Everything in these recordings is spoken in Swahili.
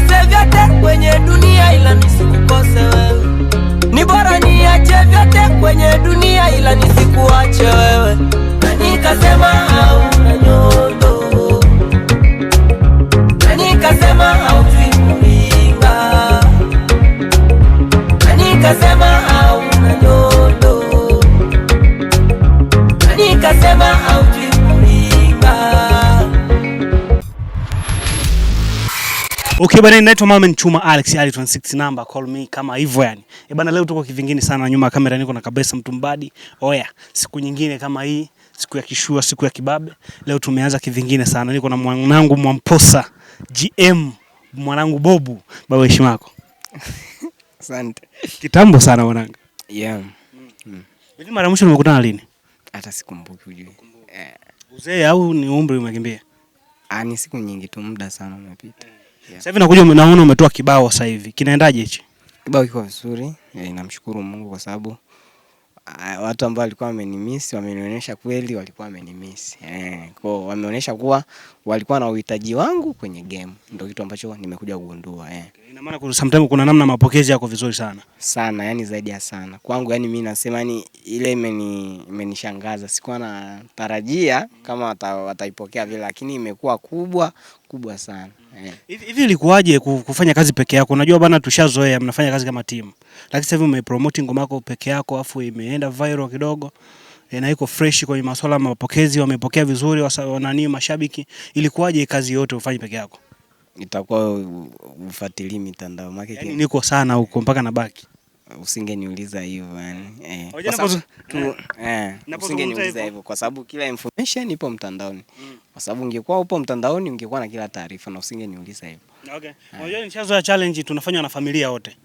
nikose vyote kwenye dunia ila nisikukose wewe, ni bora niache vyote kwenye dunia ila nisikuache wewe, na nikasema hauna nyondo, na nikasema hautwi na nikasema Okay bana, inaitwa Mama Nchuma Alex Ali 26 number call me kama hivyo yani. E eh, bana, leo tuko kivingine sana, nyuma ya kamera niko na kabisa mbadi. Oya, oh, siku nyingine kama hii, siku ya kishua, siku ya kibabe. Leo tumeanza kivingine sana, niko na mwanangu Mwamposa GM, mwanangu Bobu. Baba, heshima yako. Asante. Kitambo sana mwanangu. Yeah. Mm. Mm. Mara mwisho nimekutana lini? Hata sikumbuki ujue. Uzee au ni umri umekimbia? Ah, ni siku nyingi tu, muda sana umepita. Mm. Yeah. Sasa hivi nakuja naona umetoa kibao sasa hivi. Kinaendaje hichi? Kibao kiko vizuri. Yeah, namshukuru Mungu kwa sababu uh, watu ambao walikuwa wamenimiss wamenionyesha kweli walikuwa wamenimiss. Eh, kwao wameonyesha kuwa walikuwa na uhitaji wangu kwenye game. Ndio kitu ambacho nimekuja kugundua. Eh. Okay. Ina maana kuna sometimes kuna namna mapokezi yako vizuri sana. Sana, yani zaidi ya sana. Kwangu yani mimi nasema ni ile imeni imenishangaza. Sikuwa na tarajia kama wataipokea vile lakini imekuwa kubwa kubwa sana. Eh. Hivi ilikuwaje kufanya kazi peke yako? Unajua bana, tushazoea mnafanya kazi kama timu, lakini sasa hivi umepromote ngoma yako peke yako, afu imeenda viral kidogo e, na iko fresh kwenye masuala ya mapokezi, wamepokea vizuri wanani mashabiki. Ilikuwaje kazi yote ufanye peke yako? Itakuwa ufuatilie mitandao yake, yani niko sana huko mpaka nabaki usingeniuliza hivyo eh. eh, eh, usingeniuliza hivyo kwa sababu kila information ipo mtandaoni mm. Kwa sababu ungekuwa upo mtandaoni ungekuwa na kila taarifa na usingeniuliza hivyo. Okay. challenge tunafanywa na familia wote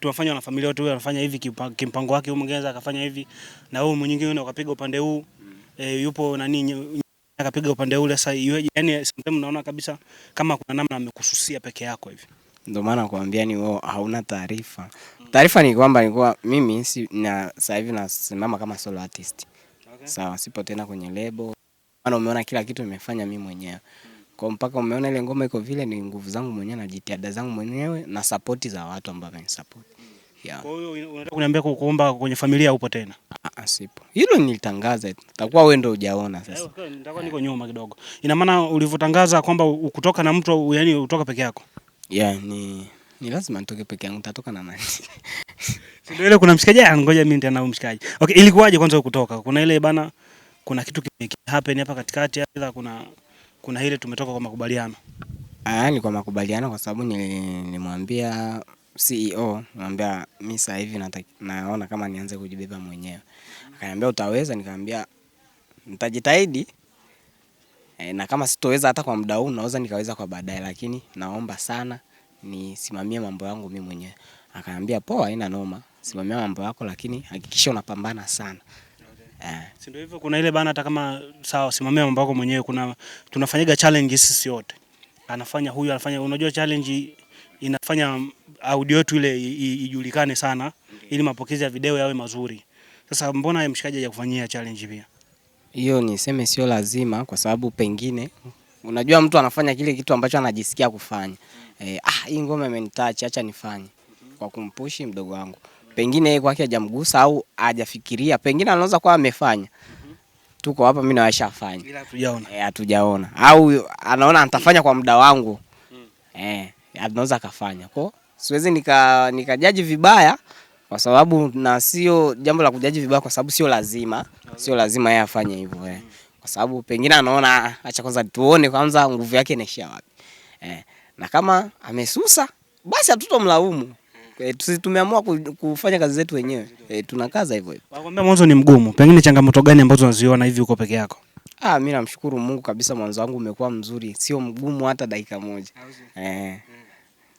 tunafanya na familia anafanya hivi kimpango wake, huyu mwingine akafanya hivi na huyu mwingine akapiga upande huu mm. E, yupo nani akapiga upande ule. Sasa yani, sometimes kabisa kama kuna namna amekususia peke yako hivi. Ndio maana nakwambia ni wewe hauna taarifa. Taarifa ni kwamba nilikuwa mimi si, na sasa hivi nasimama kama solo artist. Okay. Sawa, sipo tena kwenye lebo. Maana umeona kila kitu nimefanya mimi mwenyewe. Kwa mpaka umeona ile ngoma iko vile ni nguvu zangu mwenyewe na jitihada zangu mwenyewe na support za watu ambao wamenisupport. Yeah. Kwa hiyo unataka kuniambia kuomba kwenye familia upo tena? Ah, ah sipo. Hilo nilitangaza tu. Takuwa wewe ndio hujaona sasa. Eh, nitakuwa niko nyuma kidogo. Ina maana ulivyotangaza kwamba ukutoka na mtu, yani utoka peke yako? Yeah, ni ni lazima nitoke peke yangu, nitatoka na nani? Ndio ile kuna mshikaji, ah, ngoja mimi nitana mshikaji. Okay, ilikuwaje kwanza kutoka? Kuna ile bana, kuna kitu kime hapa katikati aidha kuna kuna ile tumetoka kwa makubaliano. Ah, ni kwa makubaliano kwa sababu nilimwambia CEO, nilimwambia mimi sasa hivi naona kama nianze kujibeba mwenyewe. Akaniambia utaweza, nikamwambia nitajitahidi. E, na kama sitoweza hata kwa muda huu naweza nikaweza kwa baadaye, lakini naomba sana nisimamie mambo yangu mimi mwenyewe. Akaambia poa, haina noma, simamia mambo yako, lakini hakikisha unapambana sana. Eh. Si ndio hivyo, kuna ile bana, hata kama sawa, simamia mambo yako mwenyewe. Kuna tunafanyaga challenge sisi wote, anafanya huyu, anafanya unajua, challenge inafanya audio yetu ile ijulikane sana, ili mapokezi ya video yawe mazuri. Sasa mbona mshikaji hajakufanyia challenge pia? hiyo niseme sio lazima, kwa sababu pengine unajua mtu anafanya kile kitu ambacho anajisikia kufanya. E, ah, hii ngoma imenitouch, acha nifanye, kwa kumpushi mdogo wangu. Pengine yeye kwake hajamgusa au hajafikiria, pengine anaweza kuwa amefanya tuko hapa mimi nawashafanya bila hatujaona eh, hatujaona au anaona nitafanya kwa muda wangu mm. Eh, anaweza akafanya, kwa siwezi nika nikajaji vibaya kwa sababu na sio jambo la kujaji vibaya, kwa sababu sio lazima, sio lazima yeye afanye hivyo eh, kwa sababu pengine anaona acha kwanza tuone kwanza nguvu yake inaishia wapi eh, na kama amesusa basi hatutomlaumu. eh, tumeamua kufanya kazi zetu wenyewe e, tunakaza hivyo hivyo. Wakwambia mwanzo ni mgumu, pengine changamoto gani ambazo unaziona hivi uko peke yako? Ah, mimi namshukuru Mungu kabisa, mwanzo wangu umekuwa mzuri, sio mgumu hata dakika moja eh.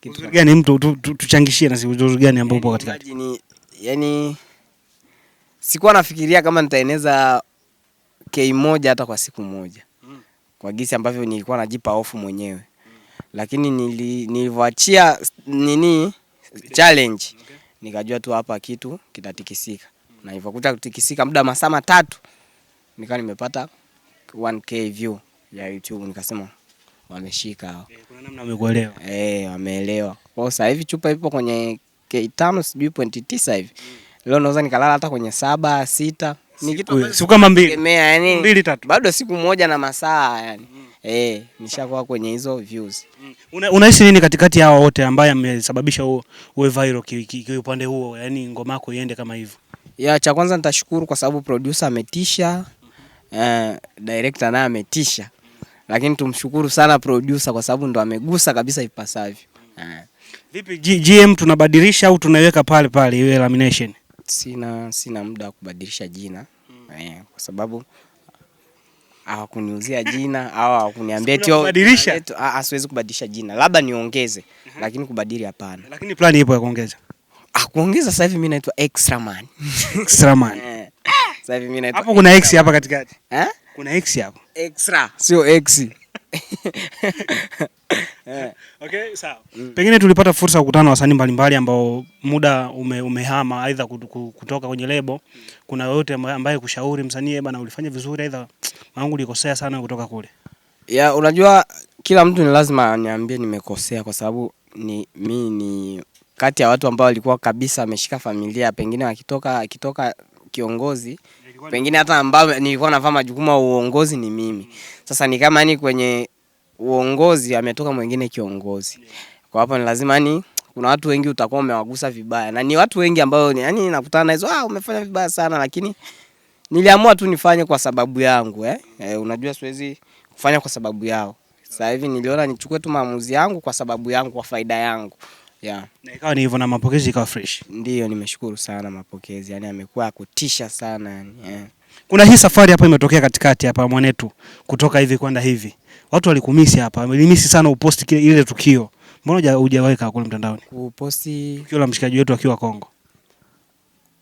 Kitu gani mtu tuchangishie na uzuri gani ambao upo yaani katikati? yani sikuwa nafikiria kama nitaeneza K moja hata kwa siku moja mm. kwa gisi ambavyo nilikuwa najipa hofu mwenyewe lakini nilivyoachia nini challenge nikajua tu hapa kitu kitatikisika na ilivyokuta kutikisika muda masaa matatu nikawa nimepata 1k view ya YouTube nikasema wameshika hao. E, kuna namna wamekuelewa. Eh, wameelewa. Kwa sahivi hivi chupa ipo kwenye pointi tano sijui pointi tisa hivi leo naweza nikalala hata kwenye saba sita, ni kitu siku kama mbili yaani mbili tatu, bado siku moja na masaa yani Eh, nishakuwa kwenye hizo views. Mm. Unahisi nini katikati hawa wote ambaye amesababisha uwe viral kiupande huo, yani ngoma yako iende kama hivyo? Ya cha kwanza nitashukuru kwa sababu producer ametisha, eh, director naye ametisha, lakini tumshukuru sana producer kwa sababu ndo amegusa kabisa ipasavyo. Eh. Vipi GM tunabadilisha au tunaiweka pale pale iwe lamination? Sina, sina muda wa kubadilisha jina mm. Eh, kwa sababu hawakuniuzia jina au hawakuniambia oh, ah, ah, siwezi kubadilisha jina, labda niongeze uh mhm. -huh. Lakini kubadili hapana, lakini plani ipo ya kuongeza ah, kuongeza sasa hivi mimi naitwa Extra Man. Extra Man. Eh, sasa hivi mimi naitwa. Hapo kuna X hapa katikati. Eh? Kuna X hapo. Extra, sio X yeah. Okay, sawa. Mm. Pengine tulipata fursa ya kukutana wasanii mbalimbali ambao muda ume, umehama aidha kutoka kwenye lebo. Kuna yote ambaye kushauri msanii bana, ulifanya vizuri aidha mangu ulikosea sana kutoka kule. Ya, yeah, unajua kila mtu ni lazima aniambie nimekosea kwa sababu ni mi ni kati ya watu ambao walikuwa kabisa ameshika familia pengine akitoka akitoka kiongozi pengine hata ambao nilikuwa navaa majukumu ya uongozi ni mimi. Mm. Sasa ni kama yani kwenye uongozi ametoka mwingine kiongozi. Kwa hapo ni lazima ni kuna watu wengi utakuwa umewagusa vibaya, na ni watu wengi ambao ni, yani nakutana hizo ah, umefanya vibaya sana, lakini niliamua tu nifanye kwa sababu yangu eh. Eh, unajua siwezi kufanya kwa sababu yao. Sasa hivi niliona nichukue tu maamuzi yangu kwa sababu yangu, kwa faida yangu yeah. Na ikawa ni hivyo na mapokezi ikawa fresh. Ndio, nimeshukuru sana mapokezi, yani amekuwa kutisha sana yani yeah. Kuna hii safari hapa imetokea katikati hapa mwanetu kutoka hivi kwenda hivi watu walikumisi hapa, walimisi sana uposti kile ile tukio. Mbona hujaweka kule mtandaoni uposti tukio la mshikaji wetu akiwa Kongo?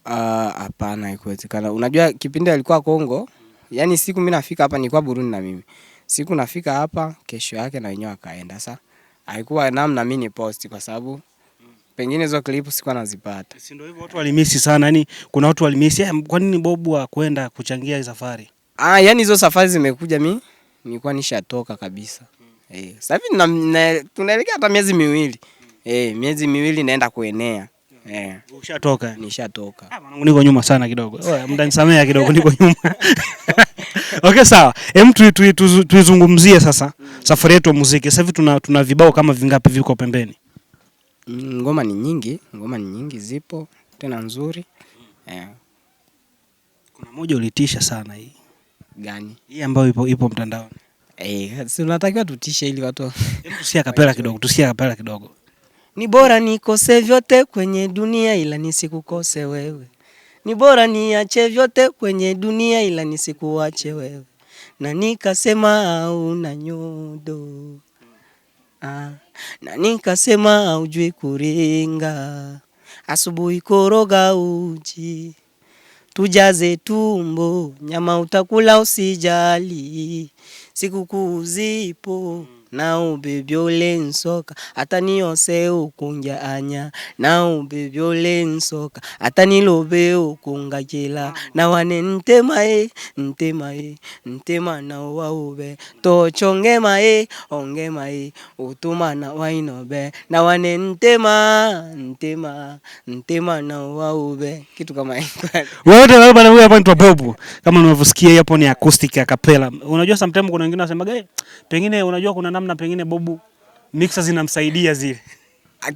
Ah, hapana, uh, ikuwezekana. Unajua kipindi alikuwa Kongo, yani siku mimi nafika hapa nilikuwa Burundi na mimi siku nafika hapa, kesho yake na wenyewe akaenda. Sasa haikuwa namna mimi ni posti kwa sababu pengine hizo klipu sikuwa nazipata. Si ndio hivyo, watu walimisi sana yani, kuna watu walimisi, eh, kwa nini Bobu akwenda kuchangia safari? Ah, yani hizo safari zimekuja mimi nilikuwa nishatoka kabisa. Eh, sasa hivi tunaelekea hata miezi miwili. Eh, miezi miwili naenda kuenea. Eh. Ushatoka? Nishatoka. Ah, mwanangu niko nyuma sana kidogo. mtanisamea kidogo niko nyuma. Okay, sawa. Hem, tuizungumzie sasa safari yetu ya muziki. Sasa hivi tuna tuna vibao kama vingapi viko pembeni? Mm, ngoma ni nyingi, ngoma ni nyingi zipo tena nzuri. Eh. Kuna moja ulitisha sana hii gani? Hii ambayo ipo ipo mtandaoni. Eh, si unatakiwa tutishe ili watu. tusia kapela kidogo, tusia kapela kidogo. Ni bora nikose vyote kwenye dunia ila nisikukose wewe. Ni bora niache vyote kwenye dunia ila nisikuache wewe. Na nikasema una nyodo. Ah, na nikasema hujui kuringa. Asubuhi koroga uji tujaze tumbo, nyama utakula usijali, sikukuu zipo na ubibi nsoka hata niose ukunjaanya na ubibi nsoka hata nilobe ukungakila na wane ntemaye ntemaye tocho waube tochongemaye ongemaye utumana wainobe na wane ntema ntema ntemana waube kitu kama Wote wale bwana, huyu hapa ni Bob, kama unavyosikia hapo ni acoustic acapella. Unajua sometimes kuna wengine wanasema eh, pengine unajua kuna namna namna pengine Bobu mixa zinamsaidia zile.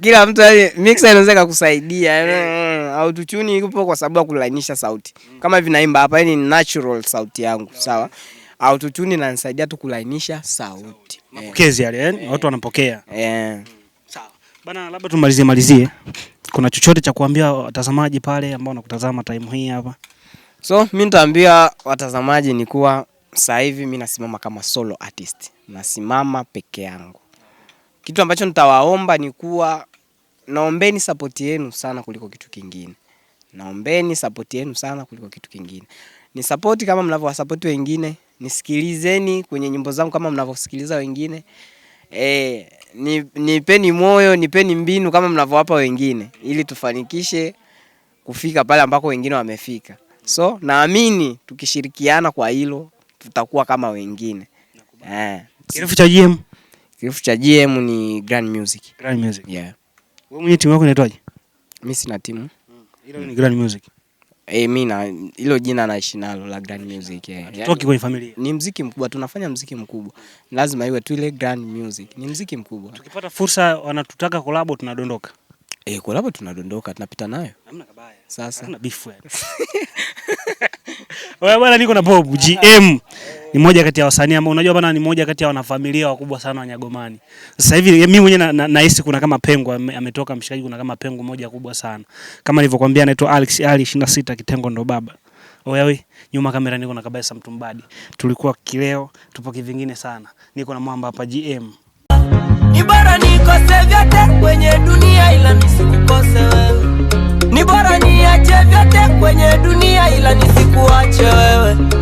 Kila mtu yani mixer inaweza kukusaidia eh, au tuchuni ipo kwa sababu ya kulainisha sauti. Kama vinaimba hapa yaani ni natural sauti yangu, sawa? Au tuchuni inanisaidia tu kulainisha sauti. Mapokezi yale yani eh, watu wanapokea. Eh. Sawa. Bana, labda tumalizie malizie. Kuna chochote cha kuambia watazamaji pale ambao wanakutazama time hii hapa? So, mimi nitaambia watazamaji ni kuwa sasa hivi mimi nasimama kama solo artist, nasimama peke yangu. Kitu ambacho nitawaomba ni kuwa naombeni sapoti yenu sana kuliko kitu kingine, naombeni sapoti yenu sana kuliko kitu kingine. Ni sapoti kama mnavyowasapoti wengine, nisikilizeni kwenye nyimbo zangu kama mnavyosikiliza wengine e, nipeni moyo, nipeni mbinu kama mnavyowapa wengine, ili tufanikishe kufika pale ambako wengine wamefika. So naamini tukishirikiana kwa hilo tutakuwa kama wengine eh. Kirefu cha GM, kirefu cha GM ni Grand Music. Grand Music. Yeah. Wewe mwenye timu yako inaitwaje? Mimi sina timu. Hmm. Hilo ni Grand Music. Eh, mimi na hilo jina naishi nalo la Grand Music. Tutoki kwenye familia. Ni mziki mkubwa, tunafanya mziki mkubwa, lazima iwe tu ile Grand Music. Ni mziki mkubwa. Tukipata fursa wanatutaka kolabo, tunadondoka. Eh, kolabo tunadondoka, tunapita nayo. Hamna kabaya. Sasa. Hamna beef yani. Wewe bwana, niko na Bob GM ni moja kati ya wasanii ambao unajua bana, ni moja kati ya wanafamilia wakubwa sana wa Nyagomani. Sasa hivi mimi mwenyewe nahisi na kuna kama pengo ametoka mshikaji, kuna kama pengo moja kubwa sana kama nilivyokuambia, anaitwa Alex Ali 26 kitengo ndo baba Oyawi, nyuma kamera niko na kabisa mtumbadi, tulikuwa kileo, tupo kivingine sana, niko na mwamba hapa GM ni bora nikose vyote kwenye dunia ila nisikukose wewe, ni bora niache vyote kwenye dunia ila nisikuache wewe